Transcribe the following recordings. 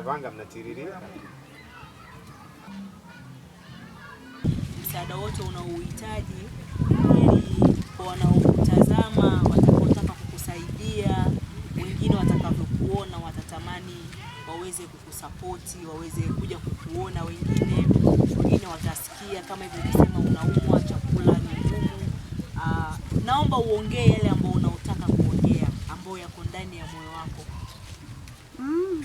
Vanga mnatiririka. Msaada wote unaohitaji kwa wanaokutazama, watakotaka kukusaidia, wengine watakavyokuona watatamani waweze kukusapoti, waweze kuja kukuona, wengine wengine watasikia kama hivyo unasema unaumwa, chakula ni ngumu. Uh, naomba uongee yale ambayo unaotaka kuongea ambayo yako ndani ya moyo wako. Mm,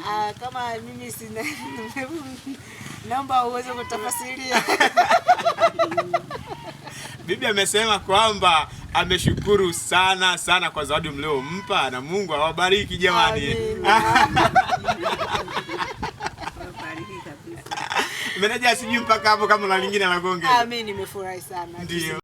Ah, kama mimi sina naomba uweze kutafasiria. Bibi amesema kwamba ameshukuru sana sana kwa zawadi mliompa na Mungu awabariki jamani. Meneja, sijui mpaka hapo kama la lingine la gonge. Ah, mimi nimefurahi sana. Ndio.